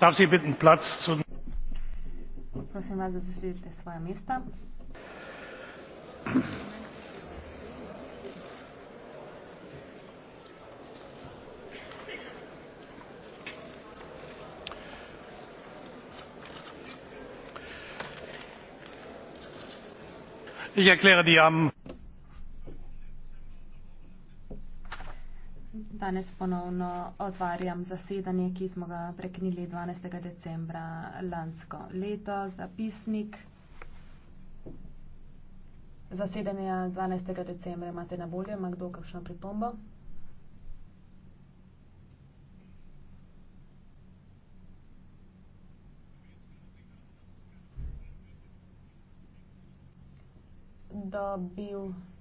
darf sie bitten platz zu nehmen. ich erkläre die am. Danes ponovno otvarjam zasedanje, ki smo ga preknili 12. decembra lansko leto. Zapisnik zasedanja 12. decembra imate na voljo. Ima kdo kakšno pripombo? Dobil.